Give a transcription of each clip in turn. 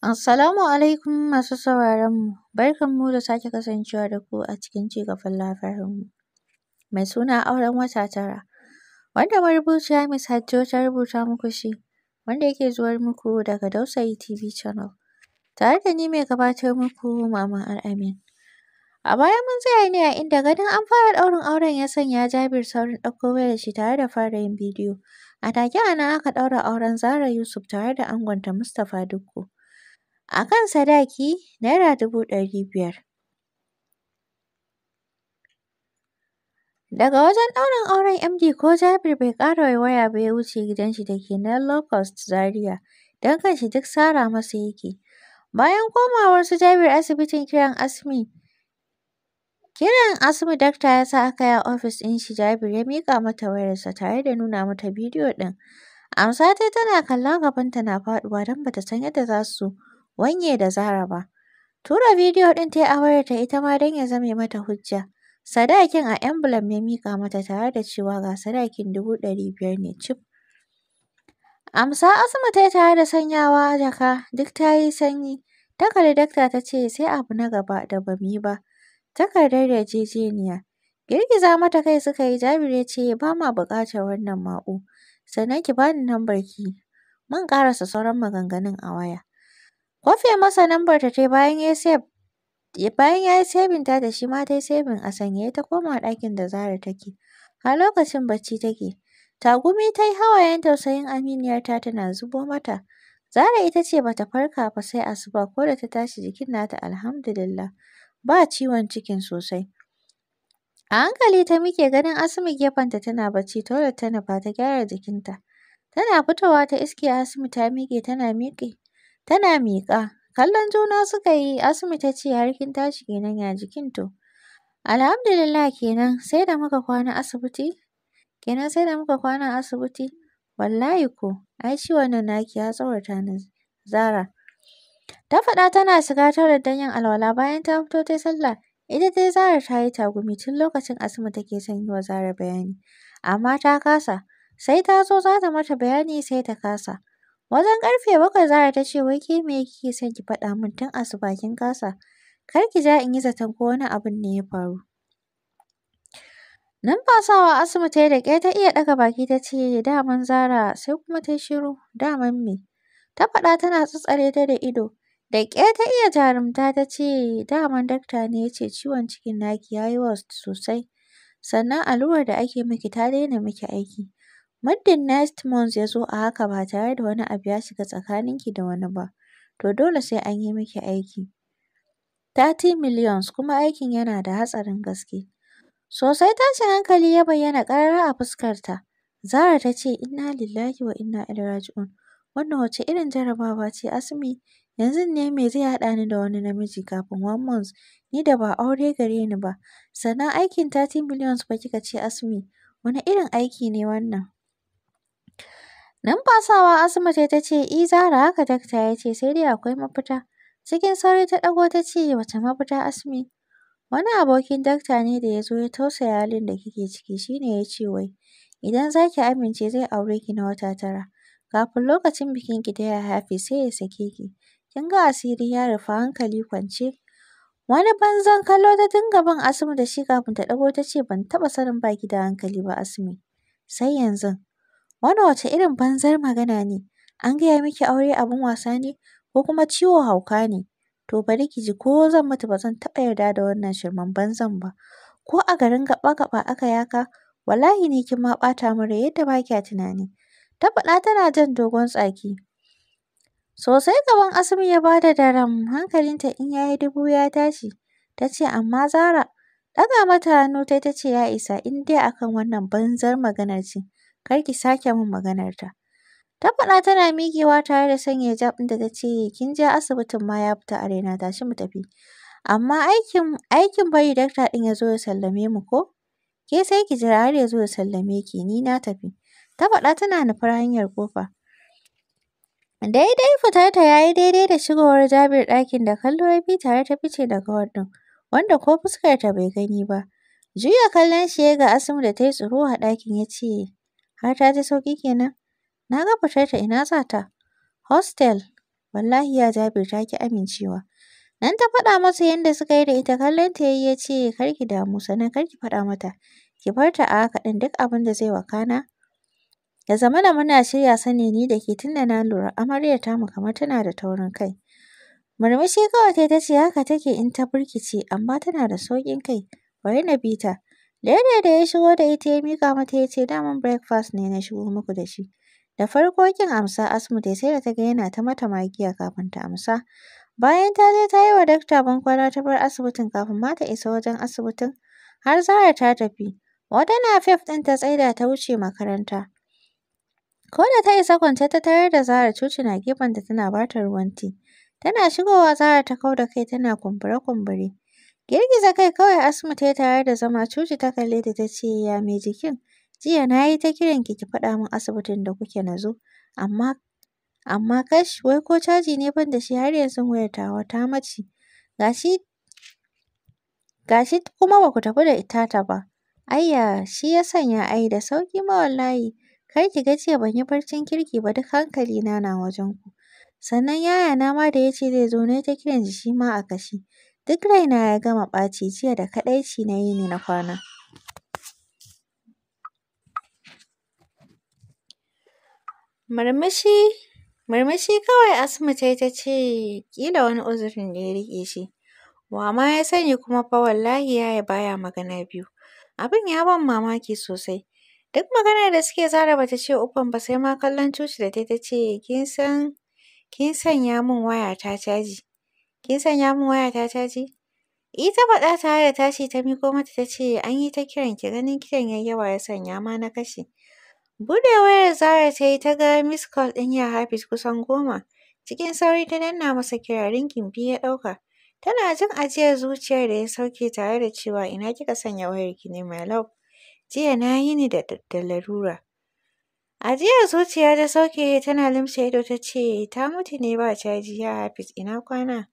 Assalamu alaikum masu Barkan barkanmu da sake kasancewa da ku a cikin cigaban labarinmu. Mai suna auren wata tara, wanda marubuciya Miss Hajjo ta rubuta muku shi, wanda yake zuwar muku daga Dausayi TV Channel, tare da ni mai gabatar muku Maman Al'amin. A baya mun tsaya ne a inda ganin an fara ɗaurin auren ya sanya Jabir saurin ɗauko wayar shi tare da fara yin bidiyo. A take a nan aka ɗaura auren Zara Yusuf tare da angonta Mustapha Dukko. a kan sadaki naira dubu ɗari biyar. Daga wajen ɗaurin auren MD ko Jabir bai ƙara waya ba ya wuce gidan shi da ke na Locust Zaria don shi duk sara masa yake. Bayan komawar su Jabir asibitin kiran Asmi kiran Asmi dakta ya sa aka yi a ofis ɗin shi Jabir ya miƙa mata wayarsa tare da nuna mata bidiyo ɗin. Amsa dai tana kallon gabanta na faɗuwa don bata san yadda za su wanye da Zara ba. Tura bidiyo ɗin ta yi a yi ita ma don ya zame mata hujja. Sadakin a emblem ya mika mata tare da cewa ga sadakin dubu ɗari biyar ne cif. Amsa Asma ta yi tare da sanyawa jaka duk ta yi sanyi. Takardar ta ce sai abu na gaba da ba mu yi ba. Takardar da yarjejeniya. Girgiza mata kai suka yi Jabir ya ce ba ma buƙatar wannan ma'u. Sannan ki bani nambar ki. Mun ƙarasa sauran maganganun a waya. Kwafe masa lambarta ta bayan ya yi bayan ya yi ta da shi ma ta yi a sanye ta koma ɗakin da Zara take. A lokacin bacci take. Tagumi ta yi hawayen tausayin aminiyarta tana zubo mata. Zara ita ce bata farka ba sai asuba ko da ta tashi jikin nata alhamdulillah ba ciwon cikin sosai. A hankali ta miƙe ganin Asmi gefenta tana bacci toilet ta nufa ta gyara jikinta. Tana fitowa ta iske Asmi ta miƙe tana miƙe tana miƙa. Kallon juna suka yi, Asmi ta ce har kin tashi kenan ya jikin to? Alhamdulillah kenan sai da muka kwana asibiti. Kenan sai da muka kwana asibiti. Wallahi ko, ai ciwon nan naki ya tsawarta ni Zara. Ta faɗa tana shiga tare da yin alwala bayan ta fito ta sallah. Ita dai Zara ta yi tagumi tun lokacin Asma take son yi wa Zara bayani. Amma ta kasa. Sai ta zo za ta mata bayani sai ta kasa. Wajen ƙarfe bakwai Zara ta ce wai ke me kike son ki faɗa min tun asuba kin kasa? Kar ki ja in yi zaton ko wani abin ne ya faru. Numfasawa Asma ta yi da ƙyar ta iya ɗaga baki ta ce daman Zara sai kuma ta yi shiru daman me? Ta faɗa tana tsatsare ta da ido. Da ƙyar ta iya jarumta ta ce daman dakta ne ya ce ciwon cikin naki ya yi sosai. Sannan allurar da ake miki ta daina miki aiki. Muddin next month ya zo a haka ba tare da wani abu ya shiga tsakaninki da wani ba, to dole sai an yi miki aiki. Thirty millions kuma aikin yana da hatsarin gaske. Sosai tashin hankali ya bayyana ƙarara a fuskarta. Zara ta ce, Inna lillahi wa inna ilaihi raji'un. Wannan wace irin jarabawa ce Asmi? Yanzu ne me zai haɗa ni da wani namiji kafin one month ni da ba aure gare ni ba. Sannan aikin Thirty millions ba kika ce Asmi. Wani irin aiki ne wannan? Numfasawa Asma ta ta ce, "I eh, Zara haka dakta ya ce, sai dai akwai mafita." Cikin sauri ta ɗago ta ce, "Wace mafita Asmi?" Wani abokin dakta ne da ya zo ya tausaya halin da kike ciki, shine ne ya ce wai, "Idan za ki amince zai aure ki na wata tara, kafin lokacin bikin ki da ya hafi, sai ya sake ki." Kin ga asiri ya rufe hankali kwance. Wani banzan kallo ta dinga bin Asma da shi kafin ta ɗago ta ce, "Ban taɓa sanin ba ki da hankali ba Asmi, sai yanzu." Wannan wace irin banzar magana ne? An gaya miki aure abin wasa ne ko kuma ciwo hauka ne? To bari ki ji ko zan mutu ba zan taɓa yarda da wannan shirmen banzan ba. Ko a garin gaɓa-gaɓa aka yaka, haka, wallahi ni kin ma ɓata min rai yadda ba kya tunani. Ta faɗa tana jan dogon tsaki. Sosai gaban asabe ya ba da daren hankalinta in ya yi dubu ya tashi. Ta ce amma Zara, ɗaga mata hannu tai ta ce ya isa in dai akan wannan banzar maganar ce. kar ki sake min maganar ta ta faɗa tana miƙewa tare da sanya hijab da ta ce kin je asibitin ma ya fita Arena tashi mu tafi amma aikin aikin bari dakta ɗin ya zo ya sallame mu ko ke sai ki jira har ya zo ya sallame ki ni na tafi ta faɗa tana nufar hanyar kofa daidai fitarta ya yi daidai da shigowar jabir ɗakin da kallo ya bi tare ta fice daga wannan, wanda ko fuskar ta bai gani ba juya kallon shi ya ga asim da ta yi tsoro a ɗakin ya ce Har ta ji sauki kenan? Na ga ta ina za ta? Hostel. Wallahi ya Jabir ta ki amincewa. Nan ta faɗa masa yadda suka yi da ita kallon ta yayi ya ce kar ki damu sannan kar ki faɗa mata. Ki bar ta a haka ɗin duk abin da zai wakana. Ya zamana muna shirya sani ni da ke tunda na lura amaryar tamu kamar tana da taurin kai. Murmushi kawai ta ce haka take in ta ce, amma tana da sauƙin kai. Bari na bi ta. yadda da ya shigo da ita ya miƙa mata ya ce daman breakfast ne na shigo muku da shi. Da farko kin amsa Asma dai sai da ta ga yana ta mata magiya kafin ta amsa. Bayan ta je ta yi wa dakta bankwana ta bar asibitin kafin ma ta isa wajen asibitin har zara ta tafi. Wata na fef ɗin ta tsaida ta wuce makaranta. Ko da ta isa kwance ta tarar da zara coci na da tana bata ruwan ti. Tana shigowa zara ta kau da kai tana kumbure-kumbure. Girgiza kai kawai Asma ta yi tare da zama Cuci ta kalle ta ta ya mai jikin? Jiya na yi ta kiran ki ki faɗa min asibitin da kuke na zo, amma amma kash wai ko caji ne ban da shi har yanzu wayar ta ta mace. Gashi gashi kuma ba ku tafi da ita ta ba. Ayya shi ya sanya ai da sauƙi ma wallahi. Kar ki ga jiya ban yi barcin kirki ba duk hankali na na wajen ku. Sannan yaya na ma da ya ce zai zo na yi ta kiran shi shi ma a kashi. Duk raina ya gama ɓaci jiya da kaɗaici na yini na kwana. Murmushi murmushi kawai Asma ta yi ta ce ƙila wani uzurin da ya riƙe shi. Wa ma ya sani kuma fa wallahi ya ba ya magana biyu. Abin ya ban mamaki sosai. Duk maganar da suke Zara ba ta ce uban ba sai ma kallon coci da ta ce kin san kin sanya min wayata caji. Kin sanya min wayata caji? Ita faɗa tare da tashi ta miko mata ta ce an yi ta kiran ki ganin kiran yayi yawa ya sanya ma na kashe. Buɗe wayar Zara ta yi ta ga miss call ɗin ya Hafiz kusan goma. Cikin sauri ta danna masa kirarin ringin ya ɗauka. Tana jin ajiyar zuciyar da ya sauke tare da cewa ina kika sanya wayarki ne mai love. Jiya na yi ni da larura. Ajiyar zuciya ta sauke tana limshe ido ta ce ta mutu ne ba caji ya Hafiz ina kwana.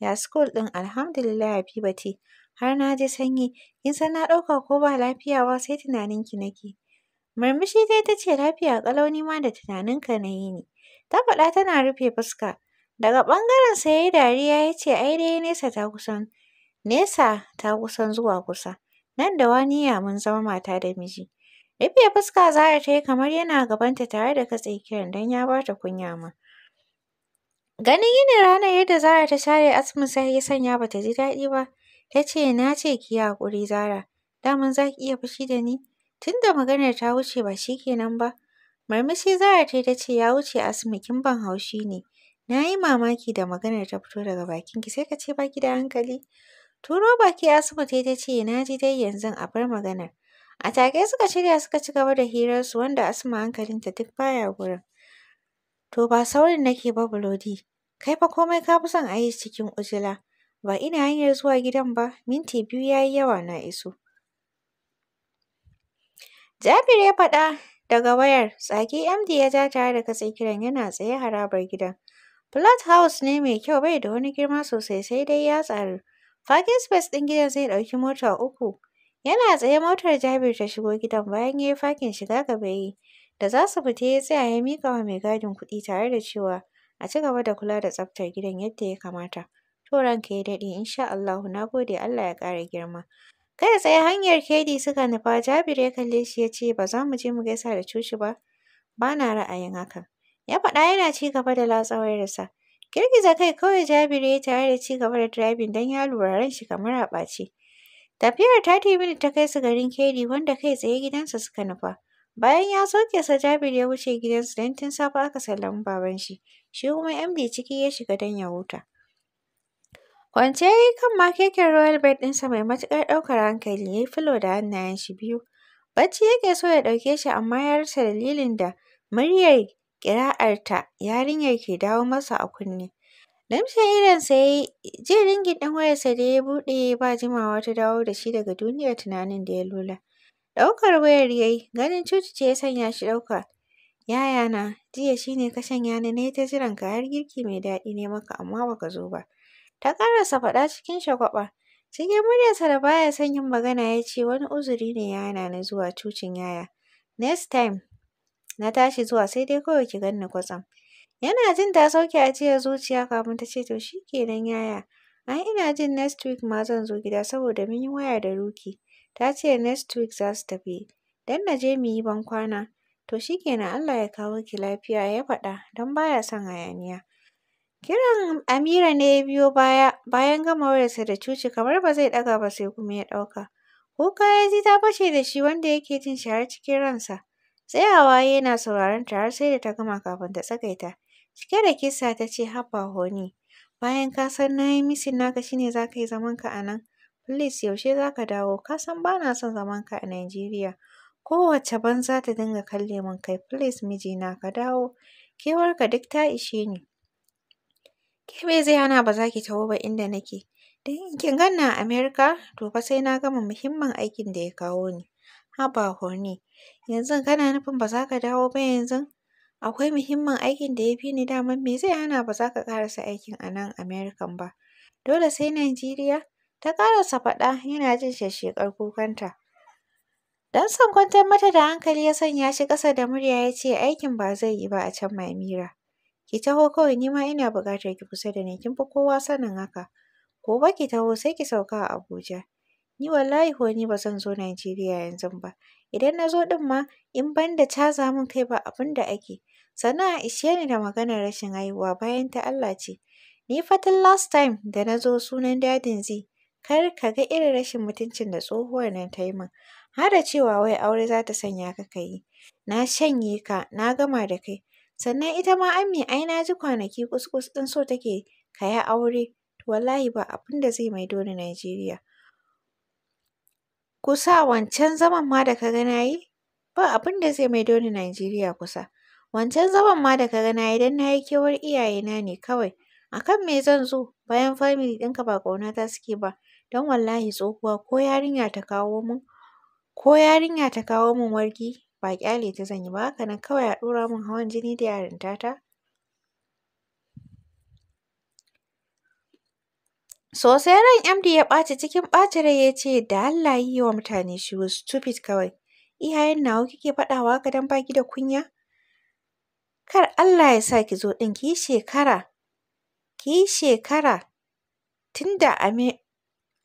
Ya school ɗin alhamdulillah Habibati. Har na ji sanyi, kin san na ɗauka ko ba lafiya ba sai tunaninki nake. Murmushi dai ta ce lafiya ƙalau ni ma da tunaninka na yi ni. Ta faɗa tana rufe fuska. Daga ɓangaren sa ya yi dariya ya ce ai dai nesa ta kusan nesa ta kusan zuwa kusa. Nan da waniya mun zama mata da miji. Rufe fuska Zahra ta yi kamar yana gabanta tare da katse kiran don ya ba ta kunya ma. Ganin yini ranar yadda Zara ta share asmin sai ya sanya bata ji daɗi ba. Ta ce na ce ki yi haƙuri Zara, daman za ki iya fushi da ni. Tunda maganar ta wuce ba shi kenan ba. Marmashi Zara ta yi ta ce ya wuce asmi kin ban haushi ne. Na yi mamaki da maganar ta fito daga bakin ki, sai ka ce ba ki da hankali. Turo baki asibiti ta ce na ji dai yanzu a bar maganar. A take suka shirya suka ci gaba da hirarsu wanda asma hankalinta duk baya gurin. To ba saurin nake ba Bulodi, kai fa komai ka fi son a yi cikin ujula. Ba ina hanyar zuwa gidan ba, minti biyu ya yi yawa na iso. Jabir ya faɗa daga wayar, tsaki MD ya ja tare da katse kiran yana tsaye harabar gidan. Plot house ne mai kyau bai da wani girma sosai sai dai ya tsaru. Parking space ɗin gidan zai ɗauki mota uku. Yana tsaye motar Jabir ta shigo gidan bayan ya yi fakin shiga gaba yi. Da za su fita ya tsaya ya miƙa wa mai gadin kuɗi tare da cewa a ci gaba da kula da tsaftar gidan yadda ya kamata. To ranka ya daɗe insha Allahu na gode Allah ya ƙara girma. Kai tsaye hanyar Kedi suka nufa Jabir ya kalle shi ya ce ba za mu je mu gaisa da Cuci ba. Ba na ra'ayin hakan. Ya faɗa yana ci gaba da latsa Girgiza kai kawai Jabir ya tare da ci gaba da driving don ya lura ran shi kamar a ɓace. Tafiyar ta da ta kai su garin Kedi wanda kai tsaye gidansa suka nufa. Bayan ya soke sa Jabir ya wuce gidansu don tun safe aka sallami baban shi. Shi kuma MD ciki ya shiga don ya huta. Kwance ya yi kan makekin royal bed ɗinsa mai matuƙar ɗaukar hankali ya yi filo da hannayen shi biyu. Bacci yake so ya ɗauke shi amma ya rasa dalilin da muryar ta yarinyar ke dawo masa a kunne. Damshe idonsa ya yi jin ringin ɗin wayarsa da ya buɗe ba jimawa ta dawo da shi daga duniyar tunanin da ya lula. Ɗaukar wayar yayi ganin cuci ce ya sanya shi ɗauka. na, jiya shine ne ka shanya ni na yi ta ka har girki mai daɗi ne maka amma baka zo ba. Ta ƙarasa faɗa cikin shagwaɓa. Cikin muryarsa da ba ya son yin magana ya ce wani uzuri ne ya na zuwa cucin yaya. Next time na tashi zuwa sai dai kawai ki ganni ni kwatsam. Yana jin ta sauke ajiyar zuciya kafin ta ce to shi kenan yaya. Ai ina jin next week ma zan zo gida saboda mun yi waya da Ruki. Ta ce next week za su tafi, don na je mu yi bankwana. To shi kenan Allah ya kawo ki lafiya ya faɗa don baya son hayaniya. Kiran Amira ne ya biyo baya bayan gama wayarsa da cuci kamar ba zai ɗaga ba sai kuma ya ɗauka. Kuka ya ji ta fashe da shi wanda yake jin shara cikin ransa. Tsayawa yana sauraron ta har sai da ta gama kafin ta tsakaita. Cike da kisa ta ce haba honi, bayan ka san na yi misin naka shi ne za ka yi zamanka a nan. Please yaushe za ka dawo? Ka san ba na son zamanka a Najeriya. Kowacce banza ta dinga kalle min kai. Please mijina ka dawo. Kewar ka duk ta ishe ni. Ke me zai hana ba za ki taho ba inda nake? Dan in kin ganna a America to fa sai na gama muhimmin aikin da ya kawo ni. Haba horni. yanzu kana nufin ba za ka dawo ba yanzu? Akwai muhimmin aikin da ya fi ni daman me zai hana ba za ka karasa aikin a nan American ba? Dole sai Najeriya? Ta ƙarasa faɗa yana jin shashshekar kukanta. Dan son kwantar mata da hankali ya sanya shi ƙasa da murya ya ce aikin ba zai yi ba a can Mamira. Ki taho kawai ni ma ina buƙatar ki kusa da ni kin fi kowa sanin haka. Gobe ki taho sai ki sauka a Abuja. Ni wallahi ko ni ba zan zo Najeriya yanzu ba. Idan na zo ɗin ma in ban da caza min kai ba abin da ake. Sannan a ishe ni da maganar rashin haihuwa bayan ta Allah ce. Ni fa tun last time da na zo sunan dadin zai Kar ka ga irin rashin mutuncin da tsohuwar nan ta yi min, har da cewa wai aure za ta sanya ka ka yi. Na shanye ka, na gama da kai. Sannan ita ma Ammi ai na ji kwanaki kuskus ɗin so take ka yi aure, to wallahi ba abin da zai maido ni Najeriya. Kusa wancan zaman ma da ka ga na yi, ba abin da zai maido ni Najeriya kusa. Wancan zaman ma da ka ga na yi don na yi kewar iyayena ne kawai. akan me zan zo bayan famili ɗinka ba kauna ƙaunata suke ba, Don wallahi tsohuwa ko yarinya ta kawo mun ko yarinya ta kawo mun wargi ba kyale ta zanyi ba. Haka nan kawai a ɗora mun hawan jini da yarinta ta. Sosai ran MD ya ɓaci cikin ɓacin rai ya ce da Allah yi wa mutane shi was stupid kawai. Iyayen nawa kike faɗawa ka dan baki da kunya? Kar Allah ya sa ki zo ɗin ki shekara, ki shekara tunda a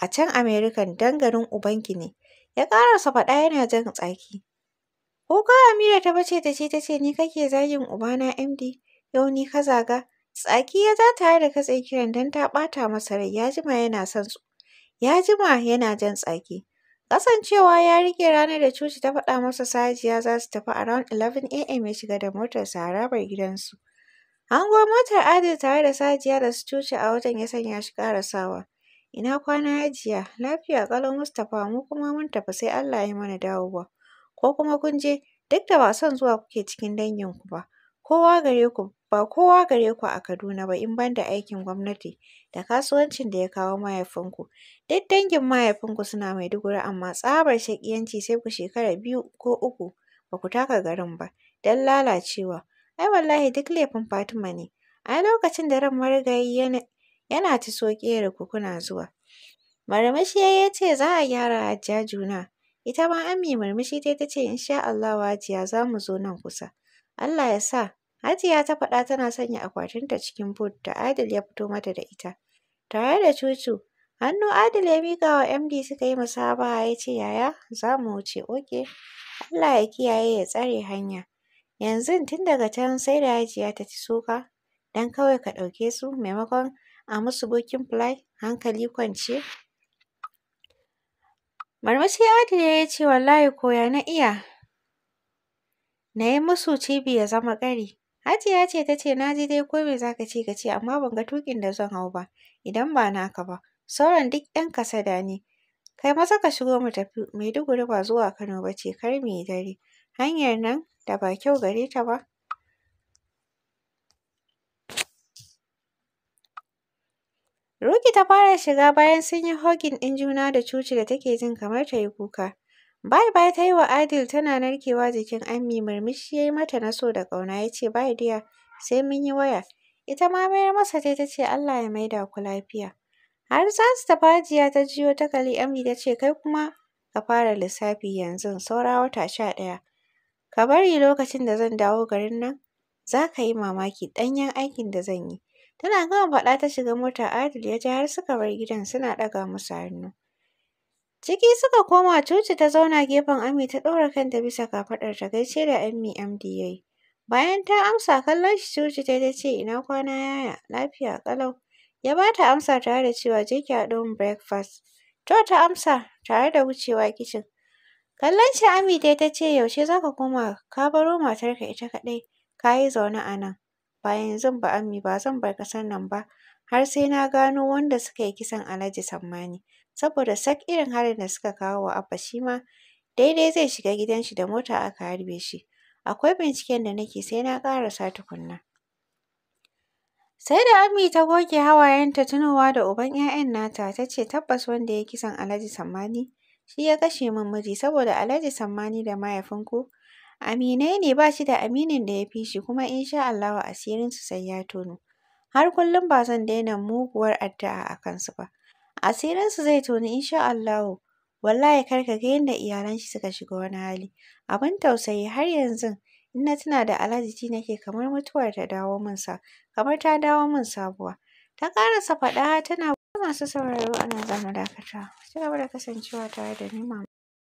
a can American don garin ubanki ne. Ya ƙarasa faɗa yana jan tsaki. Ko ka Amira ta bace ta ce ta ce ni kake zagin ubana MD yau ni ka zaga. Tsaki ya ja tare da katse kiran don ta ɓata masa rai ya jima yana son su. Ya jima yana jan tsaki. Kasancewa ya rike ranar da coci ta faɗa masa Sajiya za su tafi a round 11 AM ya shiga da motar sa harabar gidansu. Hango motar Adil tare da Sajiya da su coci a wajen ya sanya shi ƙarasawa. Ina kwana Hajiya, lafiya ƙalau Mustapha mu kuma mun tafi sai Allah ya mana dawo dawowa. Ko kuma kun je, duk da ba son zuwa kuke cikin danginku ba. Kowa gare ku ba kowa gare ku a Kaduna ba in banda aikin gwamnati da kasuwancin da ya kawo mahaifinku. Duk dangin mahaifinku suna mai Maiduguri amma tsabar shaƙiyanci sai ku shekara biyu ko uku ba ku taka garin ba, don lalacewa. Ai wallahi duk laifin Fatima ne. A lokacin da ran marigayi ya yana ta so ya kuna zuwa. Murmushi ya ce za a gyara Hajiya Juna. Ita ma Ammi murmushi ta ta ce insha Allahu Hajiya za mu zo nan kusa. Allah ya sa. Hajiya ta faɗa tana sanya akwatinta cikin bud, da Adil ya fito mata da ita. Tare da Cucu, hannu Adil ya miƙa wa MD suka yi musabaha ya ce yaya za mu wuce oke. Allah ya kiyaye ya tsare hanya. Yanzu tun daga can sai da Hajiya ta ci suka don kawai ka ɗauke su maimakon a musu bokin fly hankali kwance. Marmashi adiya ya ce wallahi ko ya na iya na yi musu cibi ya zama ƙari. Hajiya ce ta ce na ji dai ko me zaka ka ce ka ce amma ban ga tuƙin da zan hau ba idan ba na ka ba. Sauran duk 'yan kasada ne. Kai maza ka shigo mu tafi Maiduguri ba zuwa Kano bace kar mu dare. Hanyar nan da ba kyau gare ta ba. Ruki ta fara shiga bayan sun yi hogin ɗin juna da Cuci da take jin kamar ta yi kuka. Bye bye ta yi wa Adil tana narkewa jikin Ammi murmushi ya yi mata na so da ƙauna ya ce bye dear sai mun yi waya. Ita ma mayar masa ta ce Allah ya maida ku lafiya. Har za su tafi ta jiyo ta kalli Ammi ta ce kai kuma ka fara lissafi yanzu saura wata sha ɗaya. Ka bari lokacin da zan dawo garin nan za ka yi mamaki ɗanyen aikin da zan yi. Tana gama faɗa ta shiga mota Adil ya ji har suka bar gidan suna ɗaga musu hannu. Ciki suka koma coci ta zauna gefen Ami ta ɗora kanta bisa kafaɗar ta gaishe da Ami MDA. Bayan ta amsa kallon shi coci ta ta ce ina kwana yaya lafiya ƙalau. Ya ba ta amsa tare da cewa je ki haɗo min breakfast. To ta amsa tare da wucewa kicin. Kallon shi Ami dai ta ce yaushe za ka koma ka baro matarka ita kaɗai ka yi zaune a nan. Bayan zan ba Ammi ba zan bar ƙasar nan ba har sai na gano wanda suka yi kisan Alhaji Sammani, saboda sak irin harin da suka kawo wa Abba shi ma daidai zai shiga gidan shi da mota aka harbe shi. Akwai binciken da nake sai na ƙarasa tukunna. Sai da Ammi ta goge hawayenta tunowa da uban 'ya'yan nata ta ce tabbas wanda ya yi kisan Alhaji Sammani shi ya kashe min miji saboda Alhaji Sammani da mahaifinku Aminai ne ba shi da aminin da ya fi shi kuma in insha Allahu asirinsu sai ya tono. Har kullum ba zan daina muguwar addu'a a kansu ba. Asirinsu zai tono insha Allahu. Wallahi kar ka ga yadda iyalan shi suka shiga wani hali. Abin tausayi har yanzu in na tuna da Alhaji ji nake kamar mutuwar ta dawo min sa, kamar ta dawo min sabuwa. Ta ƙarasa faɗa tana masu sauraro ana za mu dakata. Ku gaba da kasancewa tare da ni mama.